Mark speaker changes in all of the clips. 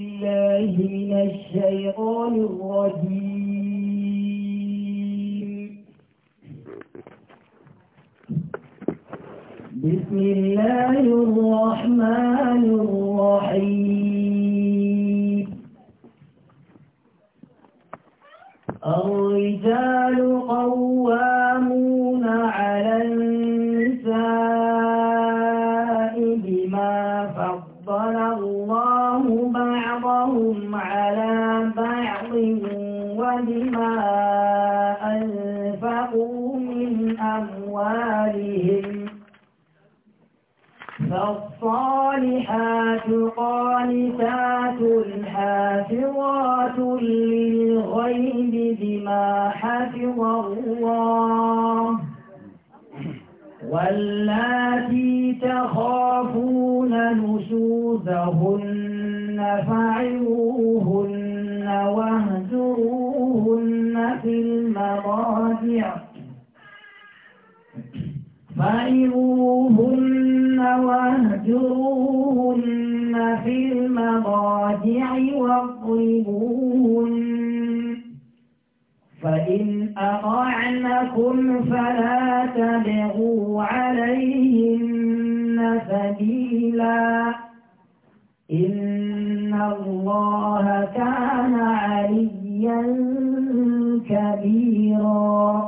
Speaker 1: الله من الشيطان الرجيم بسم الله الرحمن الرحيم الرجال قوامون فالصالحات قانتات حافظات للغيب بما حفظ الله واللاتي تخافون نشوزهن فعلوهن واهجروهن في المضاجع فإغوهن واهجروهن في المضاجع واضربوهن فإن أطعنكم فلا تبغوا عليهن سبيلا إن الله كان عليا كبيرا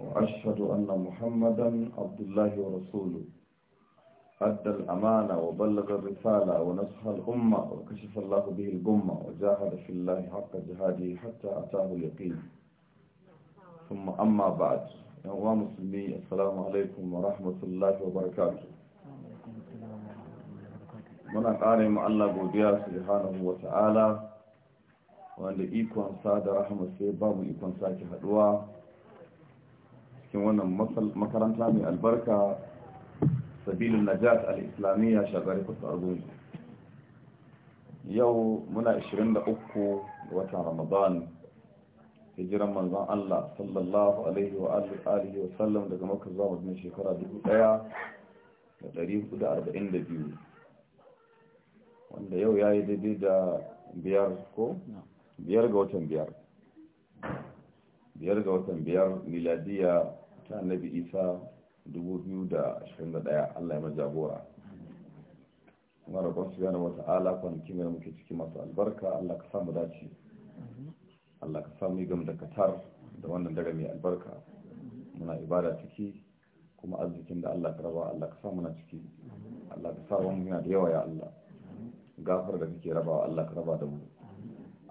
Speaker 2: وأشهد أن محمدا عبد الله ورسوله أدى الأمانة وبلغ الرسالة ونصح الأمة وكشف الله به الغمة وجاهد في الله حق جهاده حتى أتاه اليقين ثم أما بعد يا مسلمي السلام عليكم ورحمة الله وبركاته muna ƙare mu Allah godiya subhanahu wa ta'ala wanda ikon sa da rahama sai ba mu ikon sake haduwa cikin wannan makaranta mai albarka sabilin najat al-islamiyya shagari kusurgun yau muna 23 ga watan ramadan hijiran manzan Allah sallallahu alaihi wa alihi wa sallam daga makar zuwa wajen shekara 1442 wanda yau ya yi daidai da biyar ko? biyar ga watan biyar biyar ga watan biyar miladiya ta annabi isa 2021 allah ya majagora kuma da kwanci yana wata ala kwanakin da muke ciki masu albarka allah ka samu dace allah ka samu gam da katar da wannan daga mai albarka muna ibada ciki kuma arzikin da allah ka raba allah ka samu na ciki allah ka sa wani yana da yawa ya allah gafar da kake rabawa allah ka raba da mu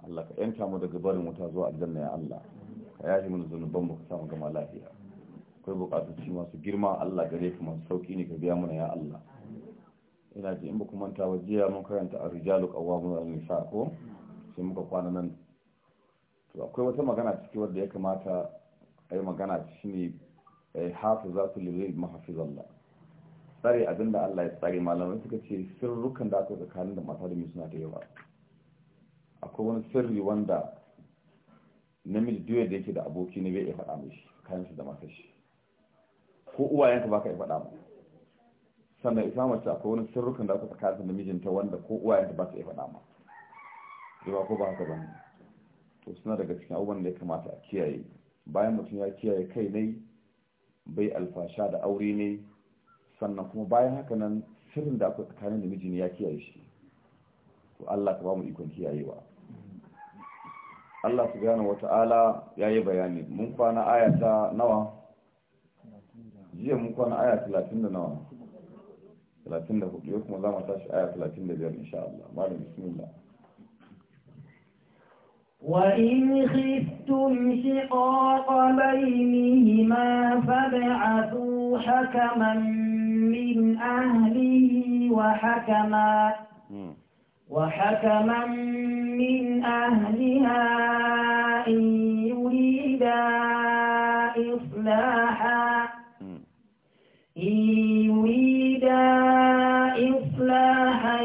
Speaker 2: allah ka yanta mu daga barin wuta zuwa aljanna ya allah ka yashi mana zunubanmu ka samu gama lafiya akwai bukatoci masu girma Allah gare ka masu sauki ne ka biya mana ya Allah ina ji in ba ku manta jiya mun karanta a rijalu qawwamun al nisa ko sai muka kwana nan to akwai wata magana ciki wadda ya kamata ai magana shine eh, hafizatu lil mahfizallah tsare abinda Allah ya tsare malamai suka ce sirrukan da aka tsakanin da mata da miji suna da yawa akwai wani sirri wanda namiji duk da yake da aboki ne bai iya faɗa mishi kayan da matar shi ko uwayenka ba ka yi faɗa ba sannan ita mace akwai wani sirrukan da aka tsakanin da mijinta wanda ko uwayenka ba su yi faɗa ma ba ko ba haka ba to suna daga cikin abubuwan da ya kamata a kiyaye bayan mutum ya kiyaye kai ne bai alfasha da aure ne sannan kuma bayan haka nan sirrin da akwai tsakanin da mijin ya kiyaye shi to Allah ka ba mu ikon kiyayewa Allah subhanahu wata'ala yayi bayani mun kwana ayata nawa jiya mun kwana aya talatin da nawa talatin da hudu kuma za mu tashi aya 35 insha Allah malam bismillah
Speaker 1: وإن خفتم شقاق بينهما فابعثوا حكما من أهله وحكما وحكما من أهلها إن يريدا إصلاحا يريد إصلاحا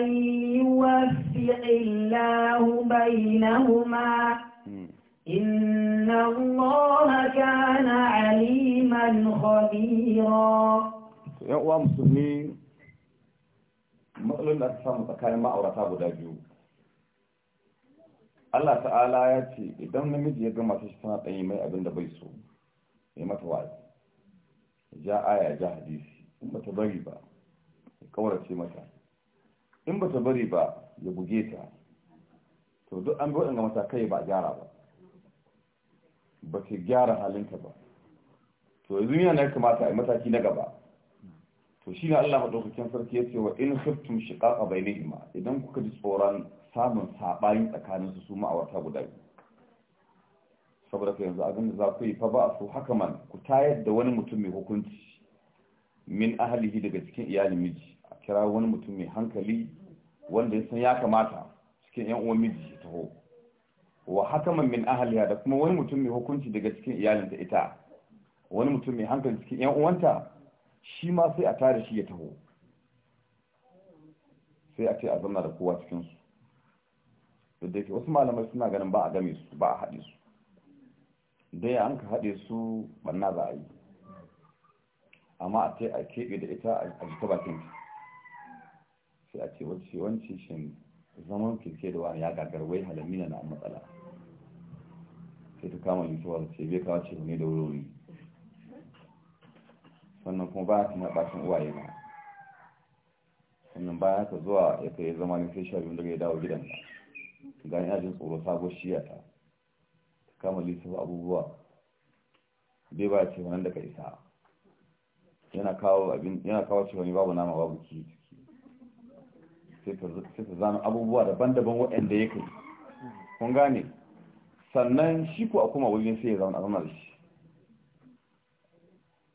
Speaker 1: يوفق الله بينهما إن na كان عليما خبيرا
Speaker 2: يقوى مسلمين matsalolin da aka samu tsakanin ma'aurata guda biyu Allah ta'ala ya ce idan namiji ya ga masu shi tana ɗanyi mai abin da bai so ya mata wa'azi ja aya ja hadisi in ba ta bari ba ya kaurace mata in ba ta bari ba ya buge ta to duk an bi waɗanda matakai ba a gyara ba ba ta gyara halinta ba to yanzu yana na kamata a mataki na gaba to shi ne Allah maɗaukakin sarki ya ce wa in khiftum shiqaqa bainahuma idan kuka ji tsoron samun saɓani tsakanin su su ma'aurata guda biyu saboda ka yanzu abin da za ku yi fa ba su haka man ku tayar da wani mutum mai hukunci min ahalihi daga cikin iyalin miji a kira wani mutum mai hankali wanda ya san ya kamata cikin yan uwan miji ya taho wa hakaman min ahaliha da kuma wani mutum mai hukunci daga cikin iyalinta ita wani mutum mai hankali cikin yan uwanta shi ma sai a tare shi ya taho sai a ce a zanna da kowa cikinsu duk da yake wasu malamai suna ganin ba a game su ba a haɗe su dai an ka haɗe su ɓanna za a yi amma a a keɓe da ita a jika bakin sai a ce wacce wancin shi zaman kirke da wani ya wai halamina na matsala sai ta kama yusufa da ce bai kawo ce ne da wuri sannan kuma ba ta na ɓacin uwaye ma. sannan bayan ka zuwa ya kai zama ne sai sha biyun daga ya dawo gidan gani ajin tsoro sabo shiyata kama lissafa abubuwa bai ba ce wani daga isa yana kawo abin yana kawo cewa ne babu nama babu ki sai ta zama abubuwa daban-daban waɗanda ya kai kun gane sannan shi ku a kuma wajen sai ya zama a zama da shi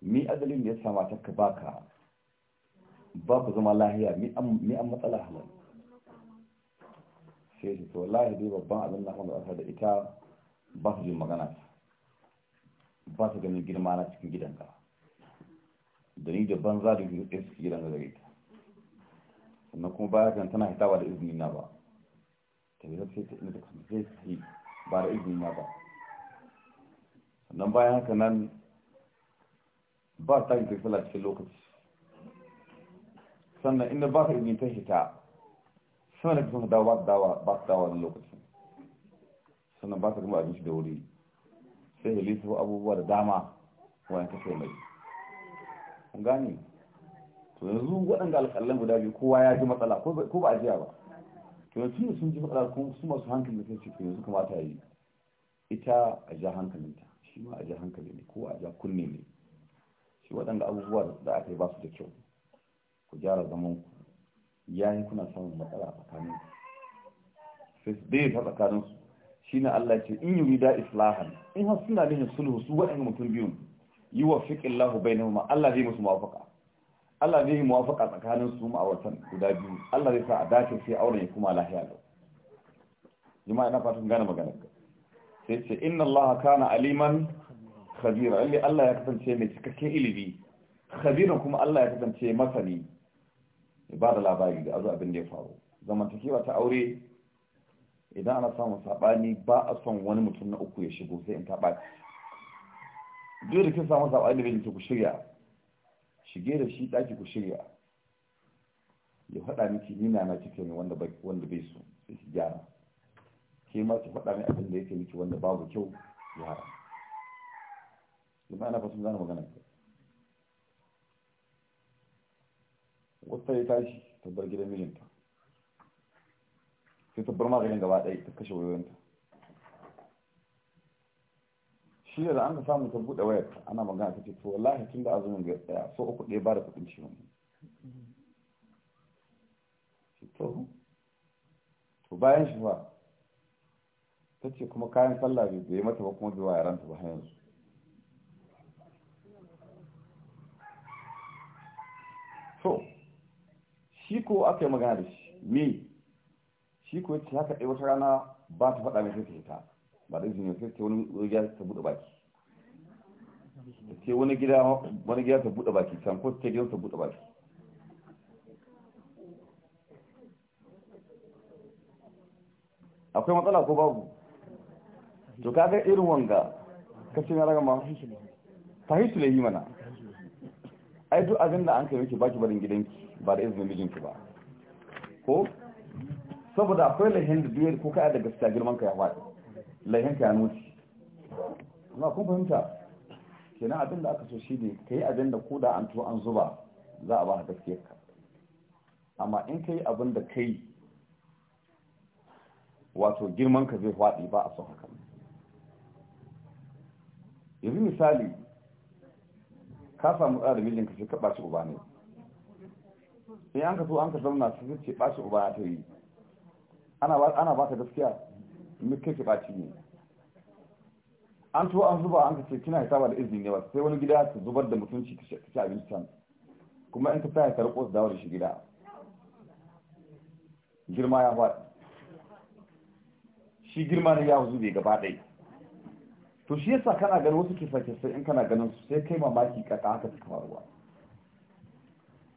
Speaker 2: mi adalin da ya sama ta ka baka ku zama lahiya mi an matsala halar sai shi to lahiya dai babban abin na kan da ita ba su jin magana ba su ganin girma na cikin gidanka da ni da banza da yi suke gidan da gare ta sannan kuma baya kan tana hitawa da izini na ba ta yi zafi ta inda ta sai ta yi ba da izini na ba sannan bayan haka nan ba ta yi tafiya cikin lokaci sannan inda ba ta izini ta hita sannan da kusa dawa ba ta dawa ba ta dawa lokaci sannan ba su gama abinci da wuri sai ya lisa abubuwa da dama ta kashe mai an gane to yanzu waɗanda alƙalan guda biyu kowa ya ji matsala ko ba a jiya ba to yanzu da sun ji matsala kuma su masu hankali sai to yanzu kamata yi ita a ja hankalinta shi ma a ja hankali ne ko a ja kunne ne shi waɗanda abubuwa da aka yi ba su da kyau ku gyara zaman ku yayin kuna samun matsala a tsakanin su sai su daidaita tsakanin su shine Allah ce in yurida islahan in har suna nihin sulhu su waɗanda mutum biyun yi wa fiqillahu bainahuma Allah zai musu muwafaqa Allah zai yi muwafaqa tsakanin su ma'auratan guda biyu Allah zai sa a dace sai auren ya kuma lahiya lau jama'a ina fatan gane magana sai ce inna Allah kana aliman khabira alli Allah ya kasance mai cikakken ilimi khabiran kuma Allah ya kasance masani ba da labari da azu abin da ya faru zamantakewa ta aure idan ana samun saɓani ba a son wani mutum na uku ya shigo sai in taɓa duk da kin samu saɓani da ku shirya shige da shi ɗaki ku shirya ya faɗa miki nina na kike ne wanda bai so sai ki gyara ke ma ki faɗa min abin da yake miki wanda babu kyau gyara jama'a na fasin zana magana ka wata ya tashi ta bar gidan mijinta sai ta bar maganin gaba ɗaya ta kashe wayoyinta shi da an ka samu ta buɗe wayar ana magana ta ce to wallahi tun da azumin ga tsaya so uku ɗaya ba da kuɗin ciwon to to bayan shi fa ta ce kuma kayan sallah bai bai mata ba kuma bai wa yaranta ba yanzu to shi ko aka yi magana da shi me shi ko yace haka dai wata rana ba ta faɗa mai sai ta ba da izini sai ta wani gida ta buɗe baki ta ce wani gida wani gida ta buɗe baki can ko ta gidan ta buɗe baki akwai matsala ko babu to kaga irin wanga kashin ya ragama fahishi lahi mana ai duk abin da an kai miki baki barin gidanki ba da izinin mijinki ba ko saboda akwai lahin da biyar ko kai da gaskiya girman ka ya faɗi lahin ka ya nuci amma kun fahimta kenan abin da aka so shi ne ka yi abin da ko da an to an zuba za a ba ka gaskiyar ka amma in ka yi abin da kai wato girman ka zai faɗi ba a son haka yanzu misali ka samu tsara da mijinka sai ka ɓaci uba ne sai an ka so an ka zauna sai ce ɓaci uba ya ta yi ana ba ta gaskiya mai kai ci ne an to an zuba an kace kina hisaba da izini ba sai wani gida ta zubar da mutunci ta ci abinci can kuma in ka ya ka riko dawo da shi gida girma ya faɗi shi girma ne ya zube gaba ɗaya to shi yasa kana ganin wasu kisa kisa in kana ganin su sai kai mamaki kaka haka ta faruwa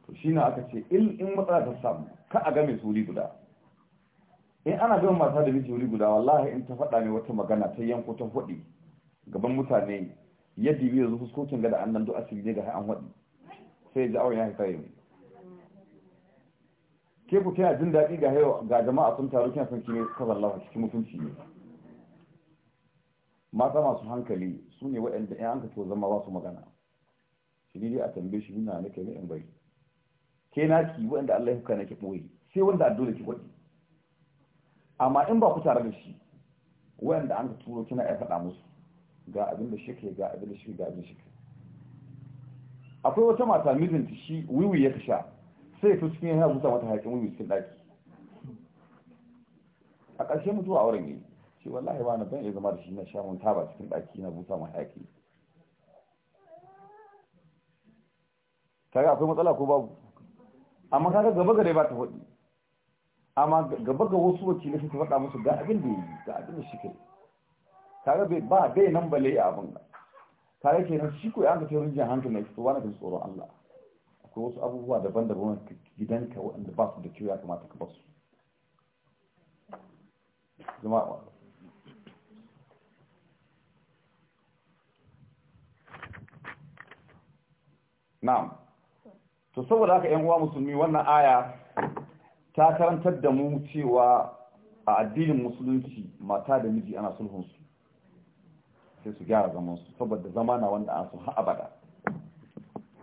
Speaker 2: to shi na aka ce in matsala ta samu ka a game suri guda in eh, ana bin mata da miji wuri guda wallahi in ta faɗa ne wata magana ta yanko ta faɗi gaban mutane yadda yi yanzu fuskokin ga da annan duk asiri ne ga an faɗi sai ya ji auren ya haifa yau ke ku kina jin daɗi ga yau ga jama'a sun taru kina son kime kazan lafa cikin mutunci ne mata masu hankali su ne waɗanda in an ka zama ba su magana shi ne a tambaye shi nuna kai ne in bari ke naki waɗanda Allah ya na ki ɓoye sai wanda a dole ki faɗi amma in ba ku tare da shi wayanda an ka turo kina ya faɗa musu ga abin da shi ke ga abin da shi ga abin shi ke akwai wata mata mijinta shi wiwi ya sha sai ta cikin yana busa mata haƙin wiwi cikin ɗaki a ƙarshe mutuwa auren yi ce wallahi ba na ban iya zama da shi na sha mun taba cikin ɗaki na busa mata haƙi kaga akwai matsala ko babu amma kaga gaba gare ba ta faɗi amma gaba ga wasu wakilai suka faɗa musu ga abin da yi ga abin da shi kai kaga bai ba bai nan bale a abin nan kaga kenan shi ko an ka tarin hankali ne to wani kan tsoron Allah akwai wasu abubuwa daban-daban gidanka waɗanda ba su da kyau ya kamata ka basu jama'a na'am to saboda haka ƴan uwa musulmi wannan aya ta karantar da mu cewa a addinin musulunci mata da miji ana sulhunsu sai su gyara zamansu saboda zama na wanda an sun abada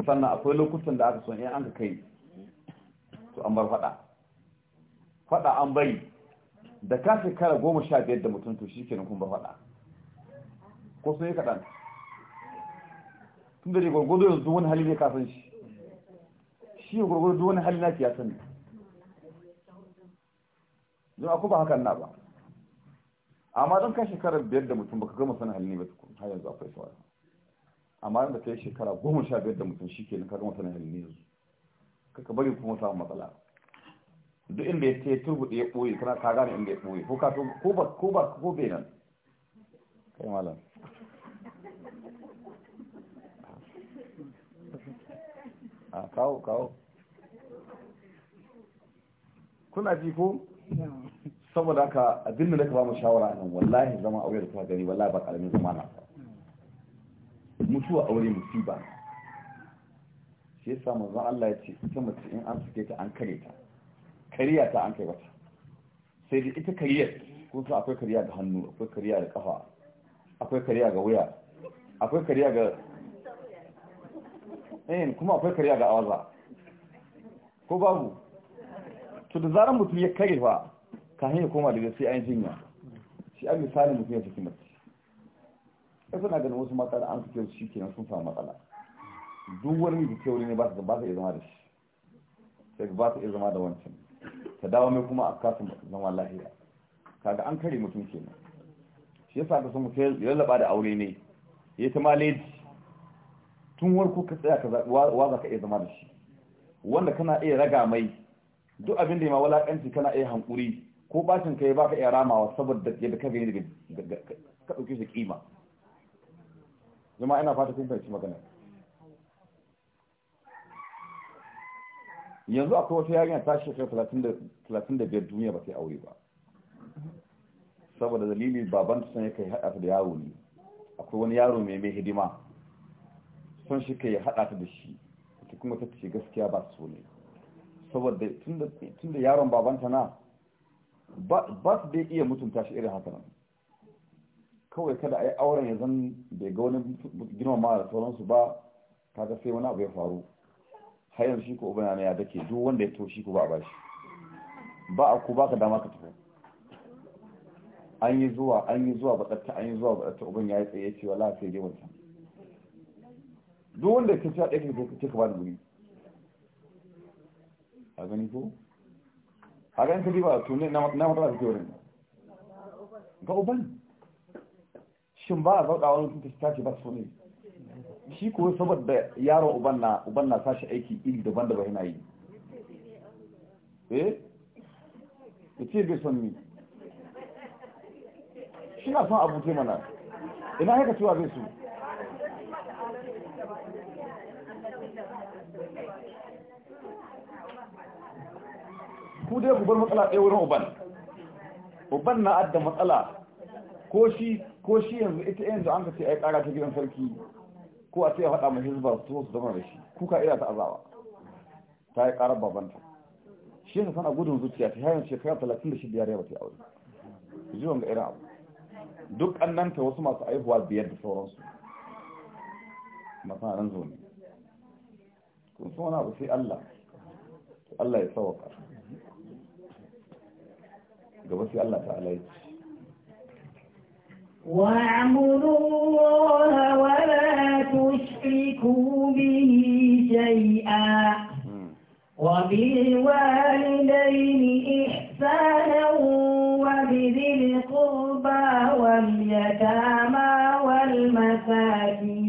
Speaker 2: sannan akwai lokutan da aka son yan an ka kai to an bar fada fada an bari da ka shekara goma sha biyar da mutum to shi ke kun bar fada ko sun yi kaɗan tun da ne gwargwado yanzu wani hali ne ka san shi shi gwargwado wani hali na ki ya sani don aku ba hakan na ba amma don kai shekarar biyar da mutum baka gama sana halini ne ba tukun har yanzu akwai sauran amma da kai shekara goma sha biyar da mutum shi ke ka gama sana halini ne yanzu kaka bari kuma samun matsala duk inda ya ce turbuɗe ya ɓoye kana ka gane inda ya ɓoye ko ka ko ba ko ba ko bai nan kai malam a ah, kawo kawo kuna ji ko saboda haka abin da naka ba mu shawara nan wallahi zama aure da kuma gani wallahi ba karamin zama na mutuwa aure musiba shi yasa manzon Allah ya ce ita mace in an suke ta an kare ta kariya ta an kai wata sai da ita kariyar kun sa akwai kariya ga hannu akwai kariya ga kafa akwai kariya ga wuya akwai kariya ga eh kuma akwai kariya ga awaza ko babu to da zaran mutum ya kare fa kahin ya koma daga sai an jinya shi an misali mutum ya saki mace ya suna ganin wasu matsala an suke shi kenan sun samu matsala duk wani mai suke wuri ne ba ta iya zama da shi sai ba ta iya zama da wancan ta dawo mai kuma a kasu zama lahira kaga an kare mutum kenan shi yasa ka san mutum ya da aure ne ya ta maleji tun warko ka tsaya ka wa za ka iya zama da shi wanda kana iya raga mai duk abin da ya ma walakanci kana iya hankuri ko bacin kai ba ka iya ramawa saboda yadda ka gani ka ɗauki shi kima zama ina fata kun fahimci magana yanzu akwai wata yarinya ta shekara talatin da biyar duniya ba ta aure ba saboda dalili baban ta ya kai haɗa ta da yaro ne akwai wani yaro mai mai hidima son shi kai haɗa ta da shi kuma ta ce gaskiya ba su ne saboda tun da yaron babanta na ba su dai iya mutunta shi irin haka nan kawai kada a yi auren ya zan bai ga wani ma da sauransu ba ta ga sai wani abu ya faru har yanzu shi ko ubana ya dake duk wanda ya toshi ko ba a bashi ba a ku ba ka dama ka tafi an yi zuwa an yi zuwa baɗatta an yi zuwa baɗatta uban ya yi tsaye ce wala sai dai wancan duk wanda ya kaci a ɗaya ka ba da wuri a gani ko haka in ka ba tunin na matsala suke wurin ga uban shin ba a zauɗa wani tuntun shi tashi ba su ne shi kuwa saboda yaron uban na uban na sashi aiki iri daban da yana yi eh ya ce bai son ni
Speaker 3: shi na son abu ce mana ina haka cewa zai su
Speaker 2: ku dai ku bar matsala ɗaya wurin uban uban na adda matsala ko shi ko shi yanzu ita yanzu an ka ce ai ƙara ta gidan sarki ko a ce ya faɗa mai hizba su su zama da shi kuka ira ta azawa ta yi ƙarar babanta shi yanzu sana gudun zuciya ta hanyar shekara talatin da shida yare ba ta aure ji wanga irin abu duk ta wasu masu aihuwa biyar da sauransu masu nan zo ne kun so wani abu sai Allah Allah ya sauka gaba sai Allah
Speaker 1: واعبدوا الله ولا تشركوا به شيئا وبالوالدين إحسانا وبذي القربى واليتامى والمساكين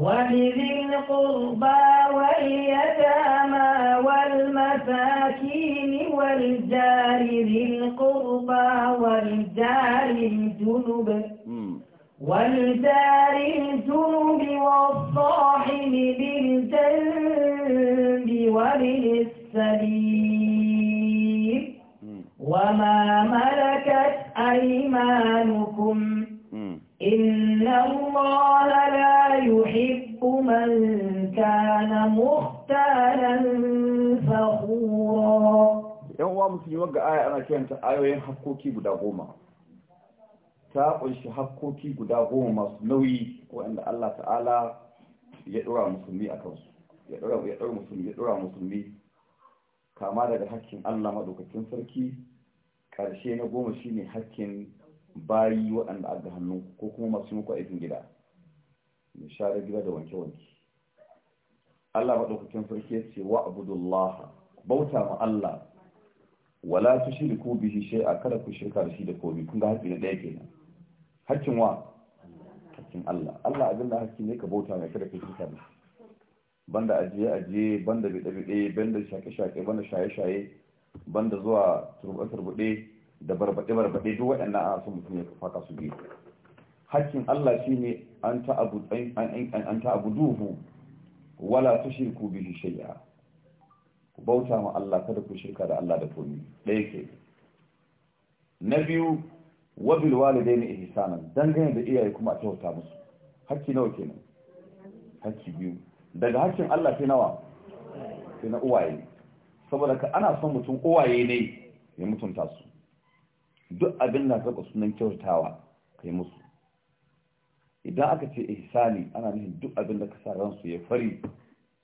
Speaker 1: ولذي القربى واليتامى والمساكين والجار ذي القربى والجار الجنب والجار الجنب والصاحب بالجنب وابن السبيل وما ملكت أيمانكم إن الله لا يحب من كان مختالا
Speaker 2: فخورا yan uwa musulmi ga aya ana kiranta ayoyin hakkoki guda goma ta ƙunshi hakkoki guda goma masu nauyi waɗanda Allah ta'ala ya ɗora musulmi a kansu ya ɗora musulmi ya ɗora musulmi kama daga hakkin Allah maɗaukakin sarki ƙarshe na goma shine hakkin bayi waɗanda a ga hannun ko kuma masu muku aikin gida mai share gida da wanke-wanke Allah maɗaukakin sarki ya ce wa abudullah bauta ma Allah wala su ku ko shi shai a kada ku shirka da shi da komi kun ga haƙƙi na ɗaya kenan haƙƙin wa haƙƙin Allah Allah abin da haƙƙi ne ka bauta mai kada ka shirka da shi banda ajiye ajiye banda biɗe biɗe banda shaƙe shaƙe banda shaye shaye banda zuwa turbe turbe da barbaɗe-barbaɗe duk waɗannan a sun mutum ya faka su biyu hakkin Allah shi ne an ta'abu duhu wala su shirku bihi shay'a ku bauta ma Allah kada ku shirka da Allah da komi ɗaya ke na biyu wabil walidai ne ihsanan dangane da iyaye kuma a kyauta musu hakki nawa kenan hakki biyu daga hakkin Allah sai nawa sai na uwaye saboda ka ana son mutum uwaye ne ya mutunta su duk abin da ka sunan kyautawa kai musu idan aka ce ihsani ana nufin duk abin da ka sa ransu ya fari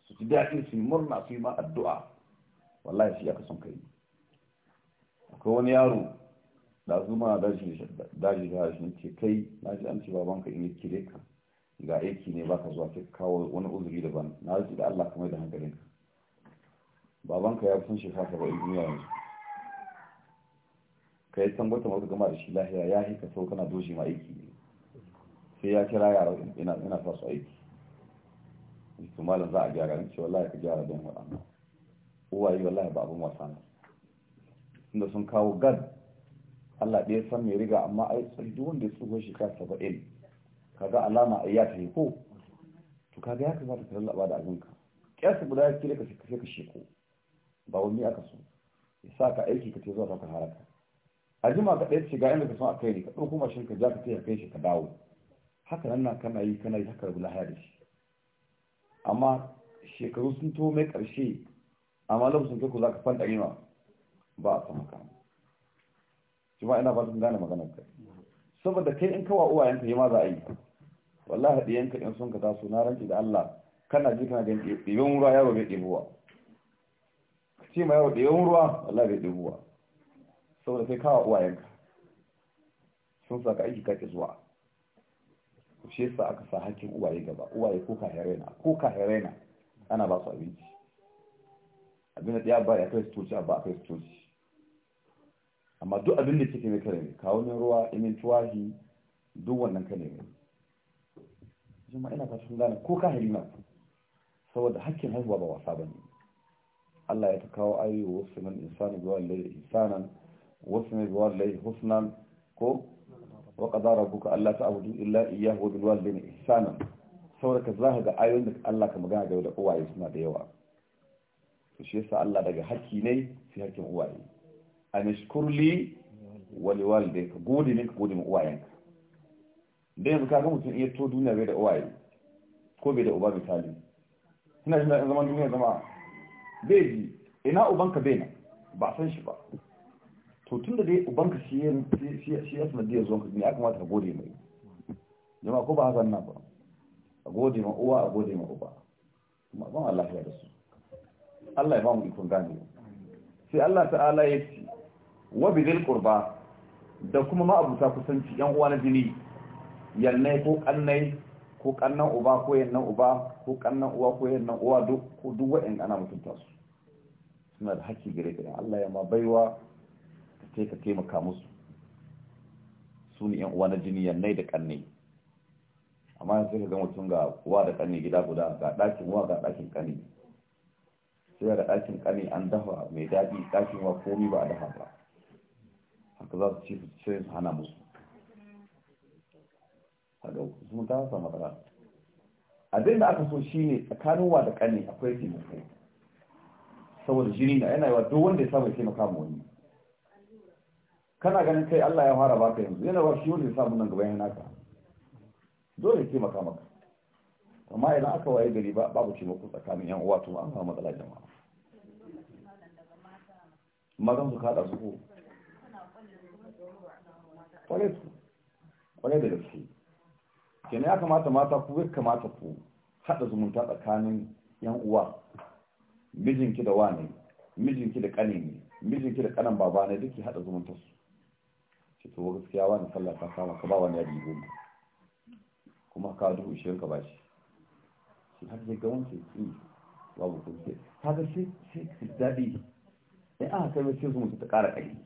Speaker 2: su ji daɗi su yi murna su yi ma addu'a wallahi shi aka son kai akwai wani yaro da zuma daji da shi ce kai na ji an ce babanka in yi kire ka ga aiki ne baka zuwa sai kawo wani uzuri daban na ji da Allah kamar da hankalinka babanka ya fi sun ka ba in duniya yanzu ka yi san wata wata gama da shi lahiya ya yi ka so kana doshi ma aiki sai ya kira yara ina sa su aiki su malam za a gyara ni ce wallahi ka gyara don waɗannan uwaye wallahi ba abin wasa ne inda sun kawo gad Allah ɗaya san mai riga amma ai tsarki wanda ya tsohon shekara saba'in kaga alama a ya ta yi ko to kaga ya kamata ka lallaba da abinka ƙyarsa guda ya kira ka sai ka sheko ba wani aka so ya sa ka aiki ka ce zuwa ka haraka a jima ka ɗaya shiga inda ka san a kai ne ka ɗauko mashin ka ja ka ce ka kai shi ka dawo haka nan kana yi kana yi haka rabu lahiya da shi amma shekaru sun to mai ƙarshe amma lokacin kai ku za ka fanta rima ba a san haka jima ina ba sun gane maganar ka saboda kai in kawa uwayenka yanka ma za a yi wallahi yanka in sun ka taso na rantsi da Allah kana ji kana ganin ɗiban ruwa yaro bai ɗebuwa ka ce ma yaro ɗiban ruwa wallahi bai ɗebuwa saboda kai kawo uwayenka sun saka aiki kake zuwa shi yasa aka sa hakkin uwaye gaba uwaye ko ka herena ko ka herena ana ba su abinci abin da ya ba ya kai su toci ba a kai su toci amma duk abin da kike mai kare ne kawo ne ruwa imin tuwahi duk wannan ka ne jima ina fashin gane ko ka herena saboda hakkin haihuwa ba wasa bane Allah ya ta kawo ayoyi wasu nan insani zuwa lalle insanan Wasu wasmi biwalidayhi husnan ko wa qada Allah alla ta'budu illa iyyahu wa bil walidayni ihsana saboda zaka ga ayoyin da Allah ka magana da uwaye suna da yawa to shi yasa Allah daga haƙƙi ne sai haƙƙin uwaye an shkurli wa li walidayka gode ne ka gode ma uwayenka dan yanzu kaga mutum iya to duniya bai da uwaye ko bai da uba misali ina jin daɗin zaman duniya zama bai ji ina ubanka bai nan ba san shi ba to tun da dai ubanka shi ya shi ya zo ka ne ya kamata ka gode mai jama'a ko ba haka nan ba a gode ma uwa a gode ma uba kuma ban Allah ya da su Allah ya ba mu ikon gane sai Allah ta'ala ya ce wa bidil qurba da kuma ma ma'abuta kusanci yan uwa na jini yannai ko kannai ko kannan uba ko yannan uba ko kannan uwa ko yannan uwa duk ko duk wa'in ana mutunta su suna da haƙƙi gare ka Allah ya ma baiwa sai ka taimaka musu su ne yan uwa na jini yannai da kanne amma sai ka ga mutum ga uwa da kanne gida guda ga ɗakin uwa ga ɗakin kanne sai ga ɗakin kanne an dafa mai daɗi ɗakin uwa komi ba a dafa ba haka za su ci su sai su hana musu haka sun ta sa matsala abin da aka so shine tsakanin uwa da kanne akwai taimako saboda jini na yana yawa duk wanda ya samu ya taimaka ma wani kana ganin kai Allah ya fara baka yanzu yana ba shi wani samun samu nan gaban naka dole ke maka maka amma idan aka waye gari ba babu taimako tsakanin yan uwa to an samu matsala jama'a magan su kada su ko kwarai su kwale da gaske kenan ya kamata mata ku ya kamata ku hada zumunta tsakanin yan uwa mijinki da wane mijinki da ƙane ne mijinki da kanan baba ne hada haɗa zumuntarsu shi to gaskiya wani sallah ta kama ka ba wani yadi goma kuma ka dubu ishirin ka ba shi har zai ga wancan tsi eh, babu kun ce ta ga sai sai daɗi in aka kai mai sai mutu ta ƙara ƙari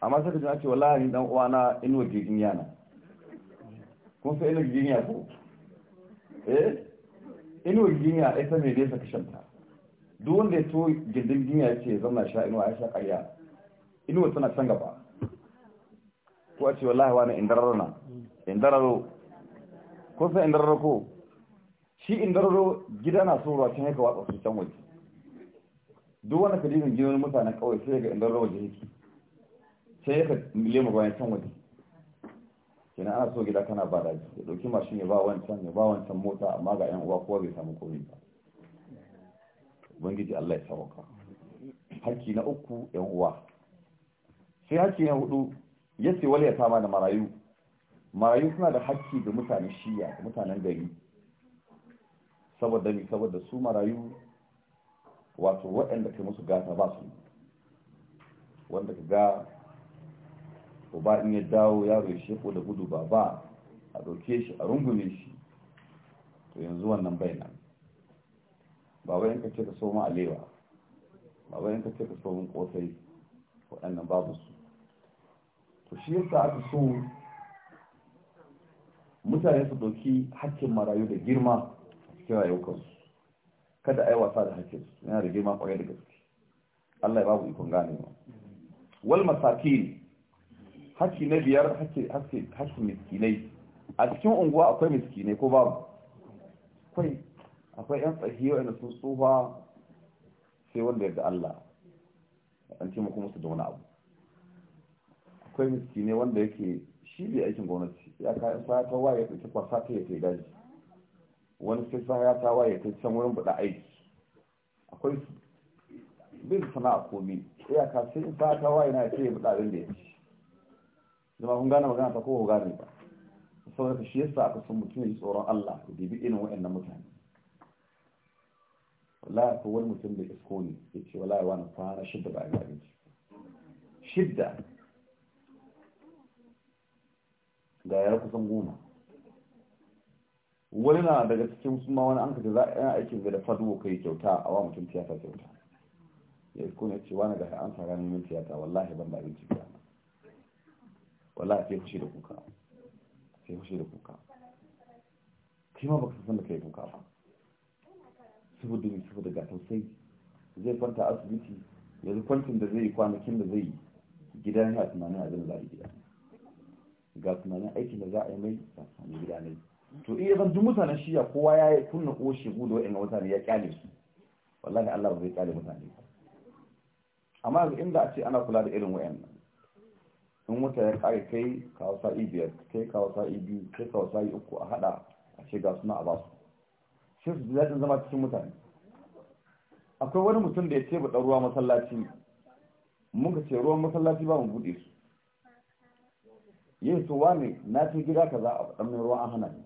Speaker 2: amma sai ka ji ake wallahi ni dan uwana inuwa jirgin yana kun sai inuwa jirgin yana ko eh inuwa jirgin yana ɗaya sai mai nesa ka shanta duk wanda ya to gindin jinya ya ce zama sha inuwa ya sha ƙarya inuwa tana can gaba ko a ce wallahi wani indararo na indararo ko sai indararo ko shi indararo gida na so ruwa can yaka watsa su can waje duk wani kalilin gidan mutanen kawai sai ga indararo waje yake sai yaka lema bayan can waje kina ana so gida kana ba daji ya dauki mashin ya ba wancan ya ba wancan mota amma ga yan uwa kowa bai samu komai ba ubangiji Allah ya sauka hakki na uku yan uwa sai hakki na hudu ya ce wal yatama da marayu marayu suna da hakki ga mutanen shiya da mutanen gari saboda ni saboda su marayu wato waɗanda ke musu gata ba su wanda ka ga uba in ya dawo yaro ya shefo da gudu ba ba a ɗauke shi a rungume shi to yanzu wannan bai nan ba wai in ka ce ka so ma alewa ba wai in ka ce ka so mun kosai waɗannan babu su to shi yasa aka so mutane su ɗauki hakkin marayu da girma a cikin rayukansu kada a yi wasa da hakkin su yana da girma ƙwarai da gaske Allah ya babu ikon gane ganewa wal masakin hakki na biyar hakki miskinai a cikin unguwa akwai miskinai ko babu akwai akwai yan tsahiyo wanda sun tsufa sai wanda yadda Allah an ce kuma su da wani abu akwai ne wanda yake shi bai aikin gwamnati ya kayan sa ta waye ya ɗauki kwasa ta ya kai daji wani sai sa ya ta waye ya kai can wurin buɗa aiki akwai bin sana'a komi ka sai in sa ta waye na ya ce ya buɗa abin da ya ci zama kun gane magana ta kowa gane ba saboda shi yasa aka san mutum ya yi tsoron Allah da bi irin waɗannan mutane wallahi ko wani mutum da isko ne ya ce wallahi wani kwana shidda ba a yi abinci shidda ga ya kusan goma wani na daga cikin suma wani an kace za a yi aikin ga da faduwa kai kyauta a wa mutum tiyata kyauta ya isko ne cewa na ga an tara neman tiyata wallahi ban da abinci ba wallahi sai fushi da kuka sai fushi da kuka kai ma baka san da kai kuka ba saboda ne saboda ga tausayi zai kwanta asibiti yanzu kwancin da zai yi kwanakin da zai yi gidan ya tunanin abin da za a gida ga tunanin aikin da za a yi mai a sami gida ne to iya zan duk mutanen shiya kowa ya yi kunna ko gudu wa wa'in mutane ya kyale su wallahi Allah ba zai kyale mutane amma yanzu inda a ce ana kula da irin wa'yan nan in wata ya kare kai kawo sa'i biyar kai kawo sa'i biyu kai kawo sa'i uku a hada a ce ga suna a ba su sai su zai zama cikin mutane akwai wani mutum da ya ce ba ɗan ruwa masallaci mun ka ce ruwan masallaci ba mu buɗe su yin tuwa ne na ce gida ka za a ɗanmin ruwa an hana ne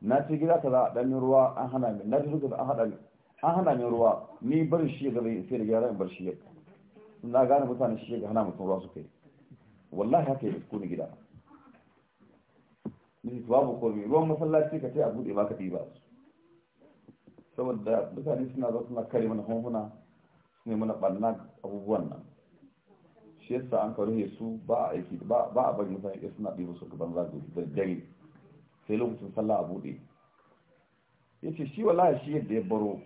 Speaker 2: na ce gida ka za a ɗanmin ruwa an hana ne na ce duka an hana ne an hana ne ruwa ni bar shi ga zai sai da gyara in bar shi yadda na gane mutane shi ga hana mutum ruwa su kai wallahi haka yi isko ni gida ni babu komai ruwan masallaci ka ce a buɗe ba ka ba, su saboda mutane suna zo suna kare mana hunhuna su ne mana ɓanna abubuwan nan shi yasa an karuhe su ba a aiki ba a bari mutane ya suna ɗiba su gaban zago da dare sai lokacin sallah a buɗe ya ce shi wallahi shi yadda ya baro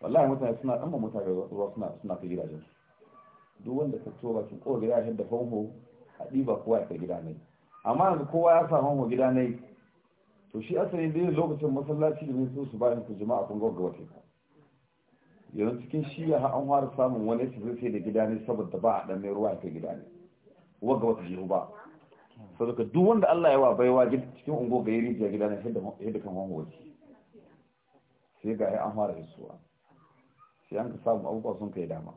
Speaker 2: wallahi mutane suna ɗan mutane ruwa suna suna ta gidajen duk wanda ka tuwa bakin kowa gida ya da famfo a ɗiba kowa ya kai gida ne amma yanzu kowa ya samu famfo gida ne to shi asali dai lokacin masallaci da ne su bayan su jama'a kun gwagwa wata yanzu cikin shi ya an fara samun wani su sai da gida ne saboda ba a dan mai ruwa kai gida ne wagga wata jihu ba saboda duk wanda Allah ya wa baiwa cikin ungo ga yiri gida ne hidda kan wani waje sai ga ya an fara hisuwa sai an ka samu abubuwa sun kai dama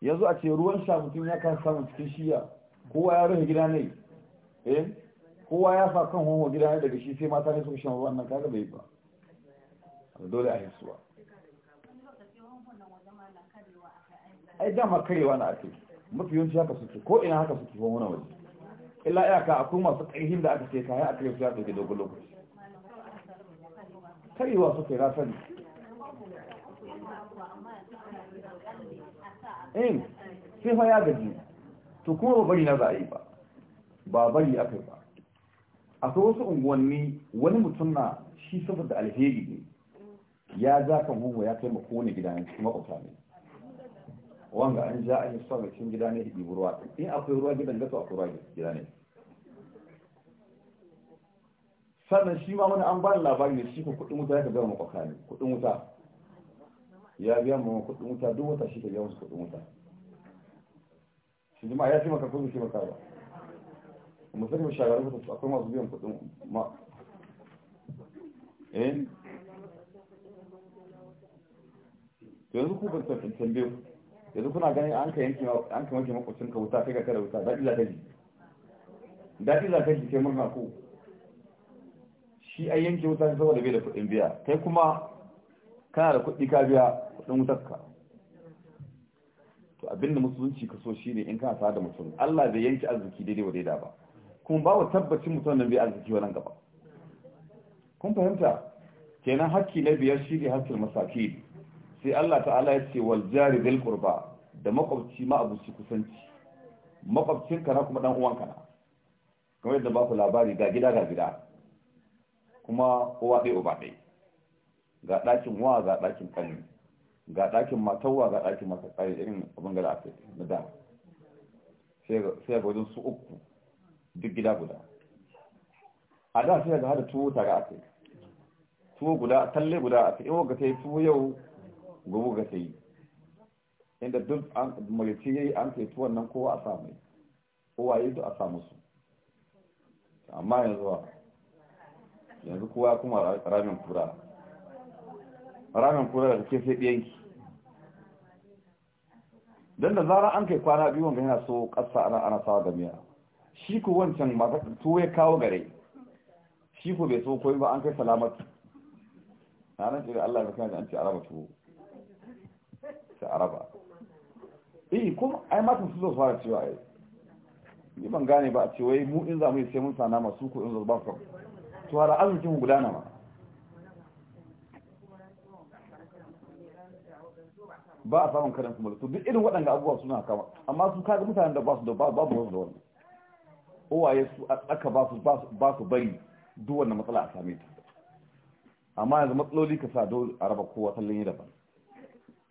Speaker 2: yanzu a ce ruwan sha mutum ya kan samun cikin shiya kowa ya rufe gida ne eh kowa ya fa kan wani gida ne daga shi sai mata ne suka shan ruwan nan kaga bai ba dole a hisuwa ai dama karewa na ake mafi yawanci haka suke ko ina haka suke ko wani waje illa iyaka akwai masu ƙarfin da aka ce yi a karewa su ya ɗauke dogon lokaci karewa suka yi sani. in eh, sai fa ya gaji to kuma ba bari na za a yi ba ba bari aka yi ba akwai wasu unguwanni wani mutum na shi saboda alheri ne ya za kan hunwa ya taimako ne gidan makwabta ne wanga an ja an yi son cikin gida ne da ruwa in akwai ruwa gidan gato akwai ruwa gida ne sannan shi ma wani an ba ni labari ne shi ko kuɗin wuta ya ka biya makwaka ne kuɗin wuta ya biya ma kuɗin wuta duk wata shi ka biya musu kuɗin wuta shi jima'a ya ce maka kuɗin shi maka ba sani mu shagarar kuɗin akwai masu biyan kuɗin ma eh yanzu ku ta tambaye ku yanzu kuna ganin an ka yanke an ka wanke makwacin ka wuta kai ga kada wuta daɗi za ka ji daɗi za ka ji kai murna ku shi ai yanke wuta saboda bai da kuɗin biya kai kuma kana da kuɗi ka biya kuɗin wutar ka to abinda musulunci ka so shine in kana tare da mutum Allah bai yanki arziki daidai wa daidai ba kuma ba wa tabbacin mutum nan bai arziki wannan gaba kun fahimta kenan hakki na biyar shi ne hakkin masaki sai Allah ta'ala ya ce wal jari dal qurba da makwabci ma abuci kusanci ka na kuma dan ka na kamar yadda ba ku labari ga gida ga gida kuma uwa ɗaya uba ɗaya ga ɗakin wa ga ɗakin ƙani ga ɗakin matawa ga ɗakin masa ƙari irin abin da ake na da sai ga wajen su uku duk gida guda a da sai ga hada tuwo tare ake tuwo guda talle guda ake in ga sai tuwo yau gobe ga sai inda duk an ya yayi an kai tuwan nan kowa a samu kowa yi duk a samu su amma yanzu yanzu kowa kuma ramin kura ramin kura da ke sai ɗiyanki don da zara an kai kwana biyu wanda yana so ƙasa ana ana sawa da miya shi ku wancan masu to ya kawo gare shi ku bai so koyi ba an kai salamat na nan ce da Allah ya kanta an ce araba tuwo ta araba. eh kuma ai matan su zo fara cewa ai ni ban gane ba a ce wai mu in za mu yi sai mun sana nama su ko in zo ba su to har azumin gudana ma ba a samun karin kuma to duk irin waɗanda abubuwa suna kama amma su kaga mutanen da ba su da ba wasu da wani. uwaye su aka ba su ba su bari duk wannan matsala a same ta amma yanzu matsaloli ka sa dole a raba kowa sallan yi daban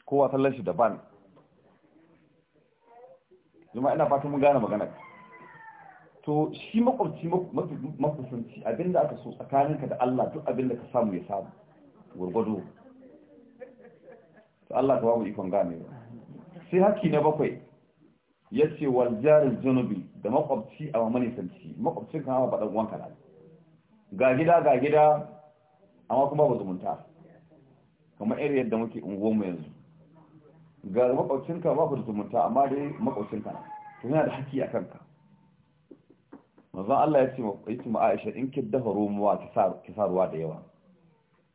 Speaker 2: kowa sallar shi daban zama ina fatan mun gane magana to shi makwabci makusanci abinda aka so tsakaninka da Allah duk abinda ka samu ya samu gurgudu to Allah ka bamu ikon gane sai haki na bakwai yace wal jaril junubi da makwabci a mamani sanci makwabcin kan ba dan wanka ne ga gida ga gida amma kuma ba zumunta kamar irin yadda muke unguwanmu yanzu ga makwacinka ba ku da zumunta amma dai makwacinka na to yana da haƙƙi a kanka mazan Allah ya ce ma Aisha in ki dafa romuwa ki sa ruwa da yawa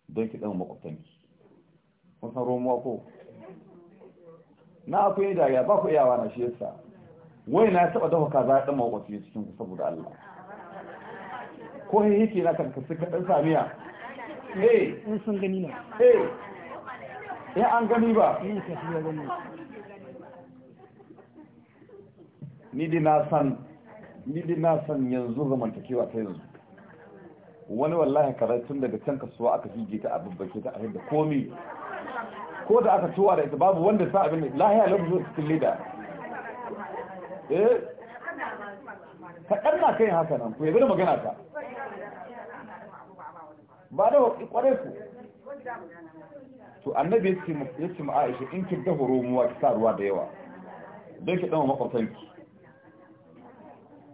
Speaker 2: don ki ɗan makwabtanki kun san romuwa ko na akwai yi dariya ba ku iyawa na shi yasa wai na taba dafa kaza ɗan makwabci cikin ku saboda Allah ko yake na kanka suka dan samiya
Speaker 3: eh in
Speaker 2: sun gani na eh, eh. ya eh, an gani ba ni dina san ni dina san yanzu zamantakewa ta yanzu wani wallahi karatun daga can kasuwa aka fige ta abin bake ta ahidda komi ko da aka tuwa da ita babu wanda sa abin lahiya lokacin cikin leda eh kaɗan na kai haka nan ku yabi da magana ta ba da kwarai ku to annabi ya yake ma aisha in ki dafa romuwa ki sa ruwa da yawa don ki dama makwabtanki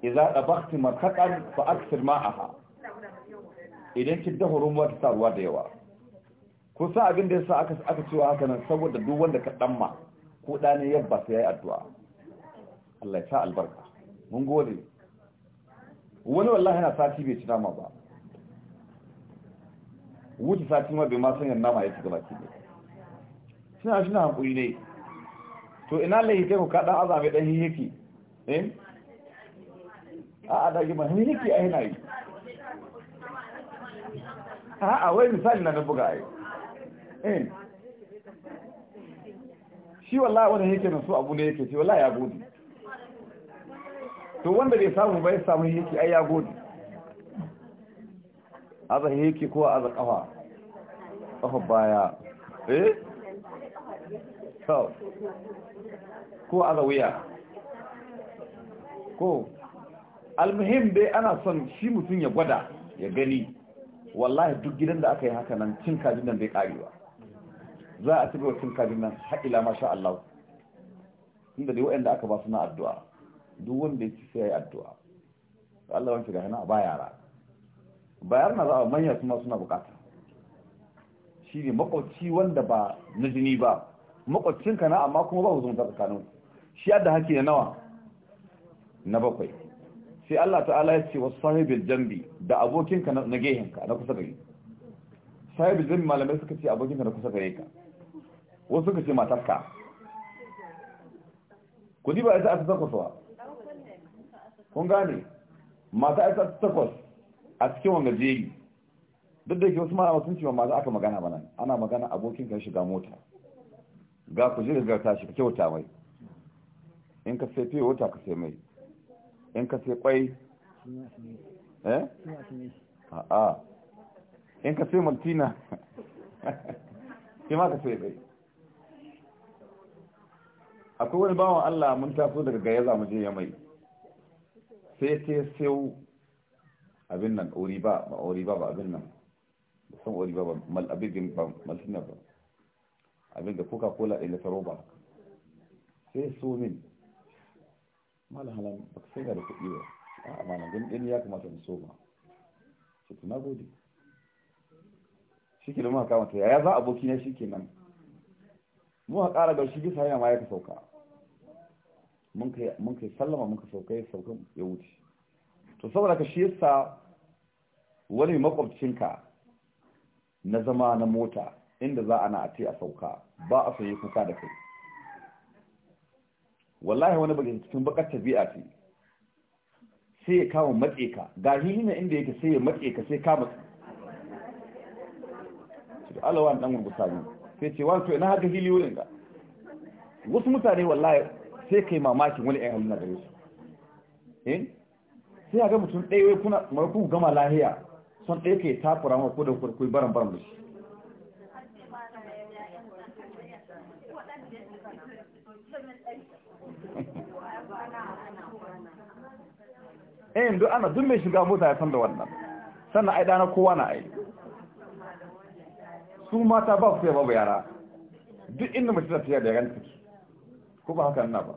Speaker 2: idza dabaqti marqatan fa aksir ma'aha idan ki dafa romuwa ki sa ruwa da yawa ko sa abin da yasa aka aka cewa haka nan saboda duk wanda ka damma ko da yabba sai yayi addu'a Allah ya sa albarka mun gode wani wallahi yana sati bai ci nama ba wuce sati ma bai ma san nama ya ci gaba ki ne suna shi na hankuri ne to ina laifin ku kaɗan azabe ɗan hihiki eh a a da gima hihiki a yana yi
Speaker 3: a a wai misali na buga a yi eh
Speaker 2: shi wallahi wani yake na so abu ne yake ce wallahi ya gode to wanda bai samu bai samu hihiki ai ya gode aza hihiki ko aza kafa kafa baya eh to ko a ko almuhim dai ana son shi mutum ya gwada ya gani wallahi duk gidan da aka yi haka nan cin kajin nan bai karewa za a cigaba cin kajin nan haƙila masha Allah inda dai waɗanda aka ba suna addu'a duk wanda ya ci sai ya yi addu'a Allah wanke ga hana ba yara ba yara na za'a manya suna suna bukata shi ne makwauci wanda ba na jini ba makwabcinka na amma kuma ba ku tsakanin shi yadda haƙƙi na nawa na bakwai sai Allah ta'ala ya ce wa sahibil jambi da abokinka na gehenka na kusa gare sahibil jambi malamai suka ce abokinka na kusa gare ka wasu suka ce matarka ku ji ba ya ta takwas wa kun gane mata ya ta takwas a cikin wanga jeri duk da ke wasu malama sun ce ba mata aka magana ba nan ana magana abokinka ya shiga mota ga ku ji garta shi ka kyauta mai in ka sai fiye wata ka sai mai in ka sai kwai eh a'a in ka sai Martina sai ma ka sai bai akwai wani bawan Allah mun taso daga gaya za mu je ya mai sai ta sayo abin nan oriba ba oriba ba abin nan san oriba ba malabibin ba maltina ba abin da coca cola ɗin ta roba sai so min malam halan ba ka sai da kuɗi ba a amana gani ɗin ya kamata in so ba sai tuna gode shi ke da muka kama ta yaya za aboki na shi ke nan muka ƙara ga shi bisa yana ma ya ka sauka mun kai sallama mun ka sauka ya sauka ya wuce to saboda ka shi yasa wani makwabcinka na zama na mota inda za ana a ce a sauka ba a sanye kuka da kai wallahi wani bakin cikin bakar tabi'a ce sai ya kama matse ka ga hina inda yake sai ya matse ka sai kama su da alawa dan wani sami sai ce wani to ina haka hili wurin ka wasu mutane wallahi sai kai mamakin wani ɗan halin da su eh sai ga mutum ɗaya kuna marku gama lahiya son ɗaya kai takura ma ko da kurkuri baran baran da shi eh duk ana duk mai shiga mota ya san da wannan sannan ai dana kowa na ai su mata ba su yaba yara duk inda mace ta da yaran ko ba haka nuna ba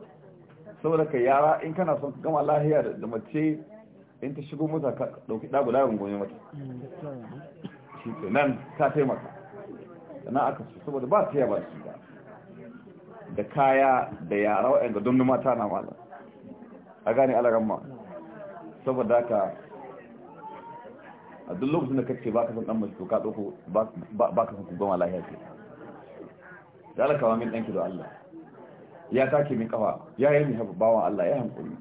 Speaker 2: saboda ka yara in kana son gama lahiya da mace in ta shigo mota ka dauki dagu dagun gobe mata shi ke nan ka taimaka sannan aka su saboda ba su yaba su da kaya da yara wa'yan da mata na malam, a gane alaramma saboda ka a duk lokacin da ka ce ba ka san dan mace to ka ɗauko ba ka san kuma lahiya ce ya laka wa min ɗanki da Allah ya take min kafa ya yi min bawan Allah ya hankali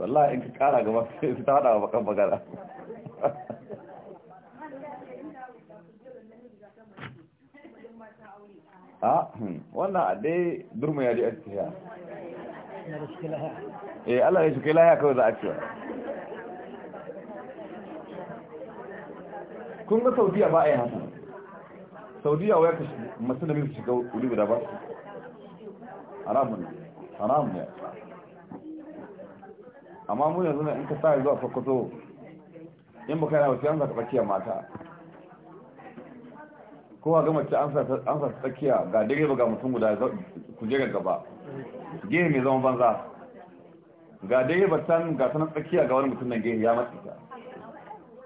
Speaker 2: wallahi in ka kara gaba sai ta hada wa bakan bagara a wannan a dai durma ya ji a cikin eh Allah ya suke lahiya kawai za a cewa
Speaker 3: kun ga saudiya ba a yi haka
Speaker 2: saudiya ya kashi masu da mil shiga wuri guda ba haramun haramun ya amma mun yanzu na in ka sa zuwa fakwato in baka yana wasu yanzu ka tsakiyar mata kowa ga mace an sa tsakiya ga ba ga mutum guda kujerar gaba gehe mai zama banza ga dai batan ga sanar tsakiya ga wani mutum na gehe ya matsi ta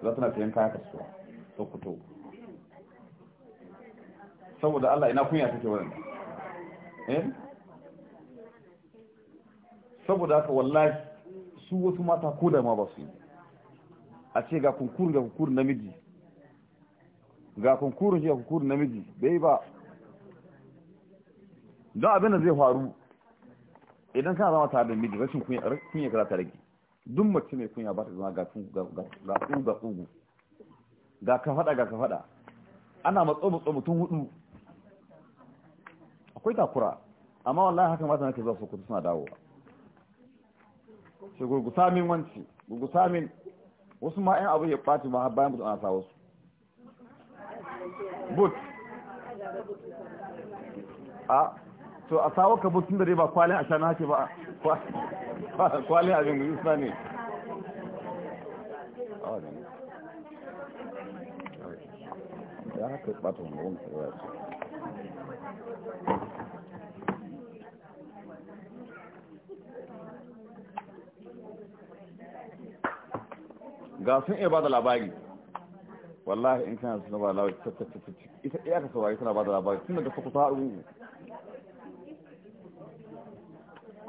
Speaker 2: za tana sayan kaya kasuwa to kuto saboda Allah ina kunya take wurin eh saboda haka wallahi su wasu mata ko da ma ba su yi a ce ga kunkurin ga kunkurin namiji ga kunkurin shi ga kunkurin namiji bai ba don abin da zai faru idan kana zama tare da miji rashin kunya kaza ta rage duk mace mai kunya ba ta zama ga ga ga tsugu ga ka fada ga ka fada ana matso matso mutum hudu akwai takura amma wallahi haka mata nake zuwa sokoto suna dawowa sai gurgusa min wanci gurgusa min wasu ma yan abu ya ɓaci ma bayan mutum ana sawo su but a to a sawo ka butun da ba kwalin a shana hake ba kwalin abin guji suna ne ga sun iya ba da labari wallahi in kana suna ba labari ita ka saurari suna ba da labari tun daga sakuta a rubu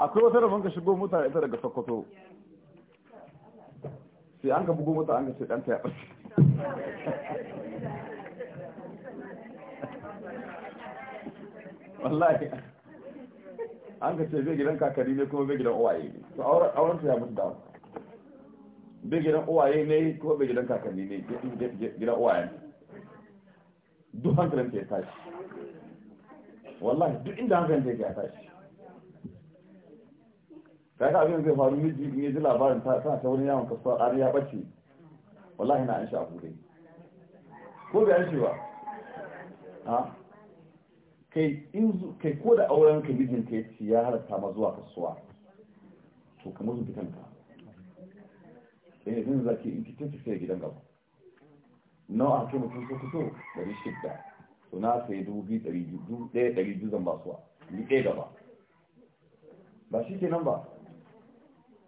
Speaker 2: akwai wata rabon ka shigo mota ita daga sokoto sai an ka bugo mota an ka ce ɗanta ya ɓace wallahi an ka ce bai gidan kakari ne kuma bai gidan uwaye ne to auren ta ya mutu da bai gidan uwaye ne kuma bai gidan kakanni ne gidan uwaye ne duk hankalin ta ya tashi wallahi duk inda hankalin ta ya tashi ka abin zai faru miji in ji labarin ta tana ta wani yawon kasuwa ƙari ya bace wallahi na an sha abu dai ko bai an shi ba kai in kai ko da auren ka mijin ka yace ya halarta ma zuwa kasuwa to ka mutu fitan ka eh din zaki in kitin tafi sai gidan gaba nawa ake mutum ko kuto dari shidda to na sai dubu biyu dari biyu ɗaya dari biyu zan ni ɗaya gaba ba shi ke nan ba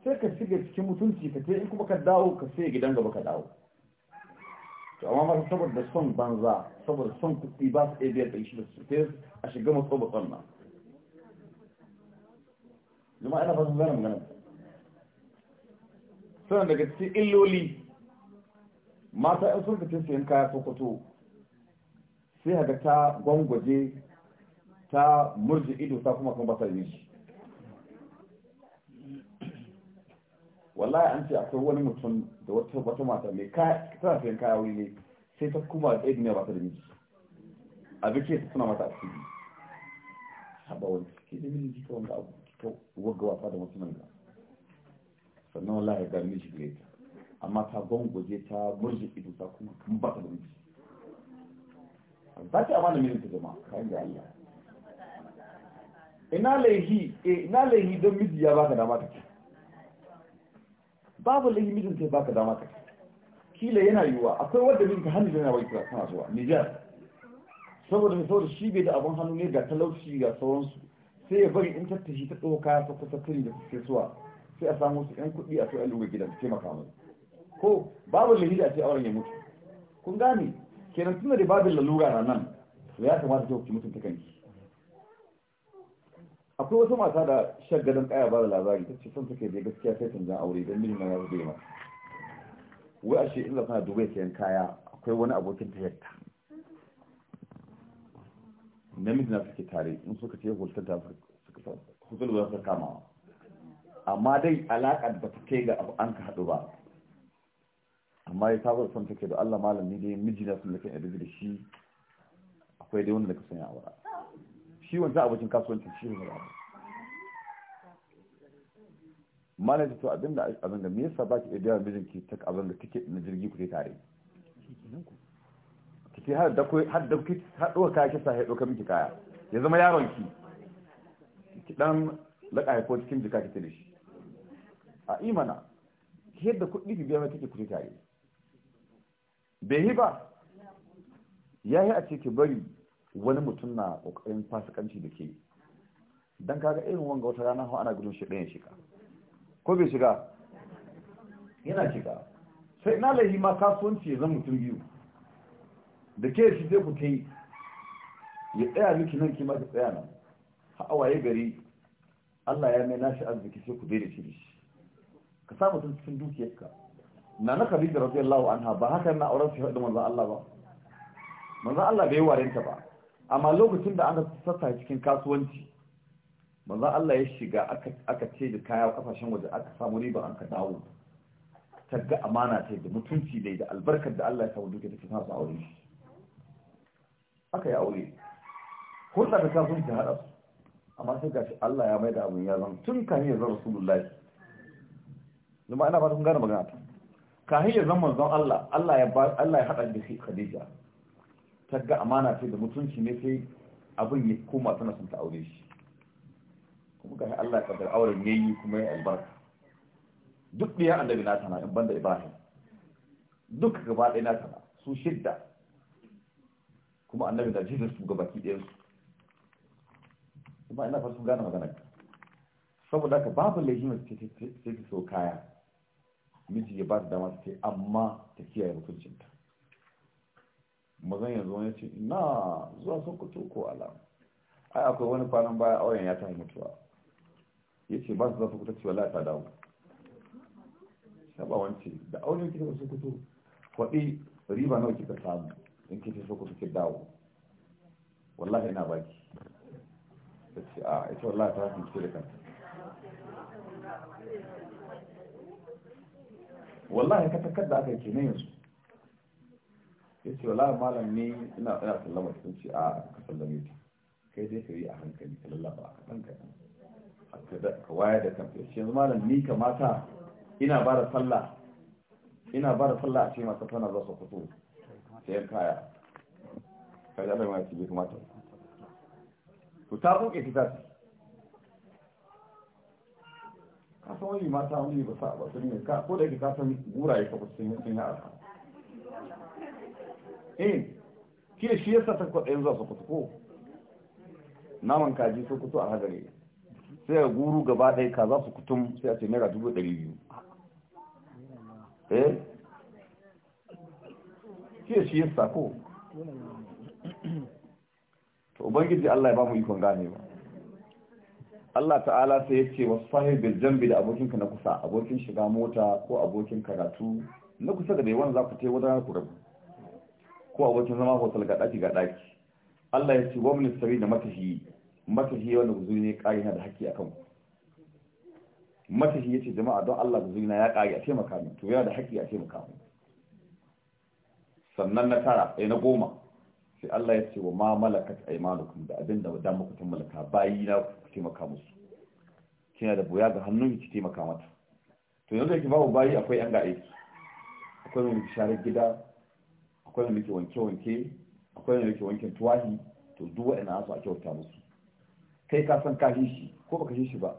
Speaker 2: sai ka shiga cikin mutunci ka in kuma ka dawo ka sai gidan gaba ka dawo to amma masu saboda son banza saboda son kuɗi ba su ɗaya da shi da su yi a shiga masu ba son nan zama ina fasa zanen ganin sannan daga cikin illoli mata yan sun kace sayan kaya sokoto sai haga ta gwangwaje ta murji ido ta kuma kuma ba ta yi shi wallahi an ce akwai wani mutum da wata wata mata mai kaya tana sayan kaya wuri ne sai ta kuma da ɗaya ne ba ta da miji a bikin ta suna mata a cikin haɓa wani ke da miji ka wanda abu ka wagga wasa da mutumin ga sannan wallahi ya gani miji gare ta amma ta gwangwaje ta murje ido ta kuma kan ba ta da miji za ki amana mijin ta jama'a kayan da Allah ina laihi eh, ina laihi don miji ya baka dama ta ke babu lai mijin sai baka dama ka kila yana yiwuwa akwai wanda mijinka hannu yana wai kira kana zuwa Nijar saboda mai saboda shi bai da abin hannu ne ga talauci ga sauransu sai ya bari in tattashi ta ɗauka kaya ta kusa turi da suke zuwa sai a samu su yan kuɗi a sai lura gidan taimaka mai ko babu lahi da a ce auren ya mutu kun gane kenan tunda da babin lalura na nan ya kamata ki mutunta kanki akwai wasu mata da gadon kaya ba da labari ta ce sun suke da gaskiya sai sun canjan aure don mijin na ya zube ma wai ashe illa tana dubai sayan kaya akwai wani abokin ta yadda namiji na suke tare in suka ce ta suka da suka kama amma dai alaƙa da ta kai ga abu an ka haɗu ba amma ya saba son take da Allah malami dai miji na sun da kan da shi akwai dai wanda da ka sanya aure ciwon ta abokin kasuwanci ciwon ya ba malam da to abin da abin da me yasa ba ki iya biya mijin ki ta abin da ticket na jirgi ku tare kike har da ku har da ku har doka kaya ki ya doka miki kaya ya zama yaron ki ki dan laka ko cikin jika ki tare shi a imana yadda kuɗi ki biya mai take ku tare bai yi ba ya yi a ce ki bari wani mutum na kokarin fasikanci da ke dan kaga irin wanga wata rana ana gudun shi ɗayan shiga ko bai shiga yana shiga sai na lahi ma kasuwanci ya zama mutum biyu da ke shi zai ku ta yi ya tsaya miki nan kima ta tsaya nan ya gari Allah ya mai nashi arziki sai ku daidaice da shi ka sa mutum cikin dukiyarka na na khadija radiyallahu anha ba haka na auren su haɗu manzan Allah ba manzan Allah bai warinta ba amma lokacin da aka sassa cikin kasuwanci manzan Allah ya shiga aka ce da kaya kasashen waje aka samu riba an ka dawo tagga amana ta da mutunci dai da albarkar da Allah ya samu duka take su aure shi aka yi aure hulɗa da kasuwanci haɗa su amma sai gashi Allah ya maida abin ya zan tun kahin ya zan Rasulullahi zama ina kun gane magana ta kahin ya zan manzon Allah Allah ya haɗa da Khadija ta ga amana ce da mutunci ne sai abin ya koma tana son ta aure shi kuma ga Allah ya kaddar auren yayi kuma ya albarka duk biya annabi na tana in banda Ibrahim duk gaba ɗaya na tana su shidda kuma annabi da jidda su gaba ki ɗayan su kuma ina fara sun gane magana saboda ka babu laifi ce sai ta so kaya miji ya ba ta dama ta amma ta kiyaye mutuncinta mazan zo wani ce ina zuwa sun kuto ko alama ai akwai wani kwanan baya auren ya ta mutuwa ya ce ba su zafi su kuta cewa lata dawo saba wance da auren kika sun kuto kwaɗi riba nawa kika samu in kika so kuta ki dawo wallahi ina baki ya ce a ita wallahi ta ce da kanta wallahi ka takar da aka yi kenan yanzu ya ce wala malam ne ina tsaya sallama cikin ce a ka sallame ta kai dai ka yi a hankali ka lallaba a kaɗan kaɗan ka waya da kan fiye yanzu malam ni kamata ina bara sallah ina bara sallah a ce masu sana za su fito sayan kaya kai da mai ce bai kamata to ta buke ta ka san wani mata wani ba sa ba su ne ko da yake ka san guraye ka sun yi sun yi eh kila shi yasa ta kwaɗayin zuwa sokoto ko naman kaji sokoto a hagare sai a guru gaba ɗaya ka za su kutum sai a ce naira dubu ɗari biyu eh ke shi yasa ko to ubangiji Allah ya ba mu ikon gane ba Allah ta'ala sai ya ce wa sahibil jambi da abokinka na kusa abokin shiga mota ko abokin karatu na kusa da bai wanda za ku te wadana ku rabu ko abokin zama hotel ga daki ga daki Allah ya ce wa mun sabi da matashi matashi wanda guzuri ne kari na da haƙƙi akan matashi yace jama'a don Allah guzuri na ya kari a taimaka min to yana da haƙƙi a taimaka min sannan na tara eh na goma sai Allah ya ce wa ma malakat aymanukum da abin da wadan muku tun malaka bayi na ku taimaka musu kina da boya ga hannun ki taimaka mata to yanzu yake babu bayi akwai yan ga aiki akwai mai share gida akwai wanda yake wanke-wanke akwai wanda yake wankin tuwahi to duk ina su a kyauta musu kai ka san ka shi ko baka shi ba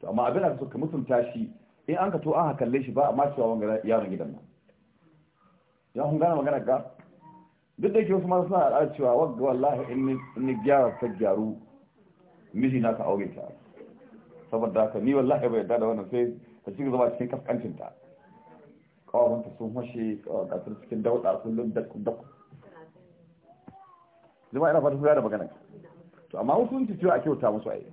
Speaker 2: to amma abin da so ka mutunta shi in an ka to an hakalle shi ba amma cewa wanga yaron gidan nan ya kun gane magana ga duk da yake wasu masu suna al'ada cewa wagga wallahi in ni gyara ta gyaru miji na ka aure ta saboda haka ni wallahi bai yarda da wannan sai ta cikin zama cikin kaskancin ta kawanta sun hushe gasar cikin dauɗa kullum dakku zama ina fata suna da magana to amma wasu sun cewa a kyauta musu a yi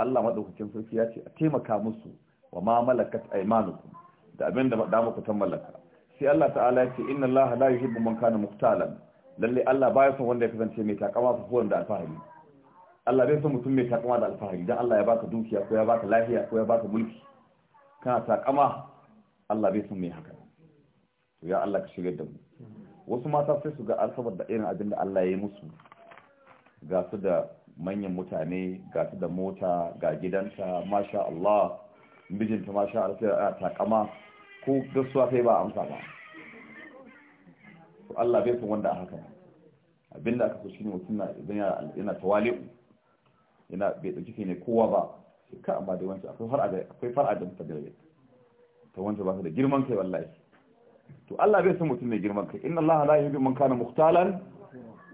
Speaker 2: Allah maɗaukacin sarki ya ce a taimaka musu wa ma malakat aimanukum da abin da maɗa muku tan mallaka sai Allah ta'ala ya ce inna Allah la yuhibbu man kana muqtalan lalle Allah baya son wanda ya kasance mai takama fa da alfahari Allah bai son mutum mai takama da alfahari dan Allah ya baka dukiya ko ya baka lafiya ko ya baka mulki kana takama Allah bai son mai haka to ya Allah ka shirya da mu wasu mata sai su ga alfabar da irin abin da Allah ya yi musu ga su da manyan mutane ga su da mota ga gidanta masha Allah mijinta masha Allah sai a takama ko gaskiya sai ba amsa ba to Allah bai son wanda a haka abinda aka so shine mutum na idan yana tawali'u yana bai dauki kai ne kowa ba ka amma da wancan akwai far'a da akwai far'a da mutane ta wanda ba da girman kai wallahi to Allah bai san mutum mai girman kai inna Allah la yuhibbu man kana muhtalan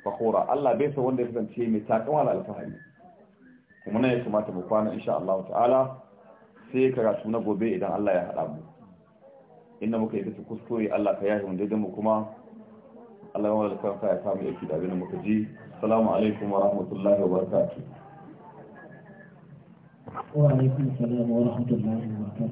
Speaker 2: fakhura Allah bai san wanda ya kasance mai takawa da alfahari kuma ne ya kamata mu kwana insha Allah ta'ala sai karatu na gobe idan Allah ya hada mu inda muka yi ta kuskure Allah ka yahi wanda mu kuma Allah ya wani alfarka ya samu yaki da abin da muka ji salamu alaikum wa rahmatullahi wa barakatuh
Speaker 3: wa alaikum salam wa rahmatullahi wa barakatuh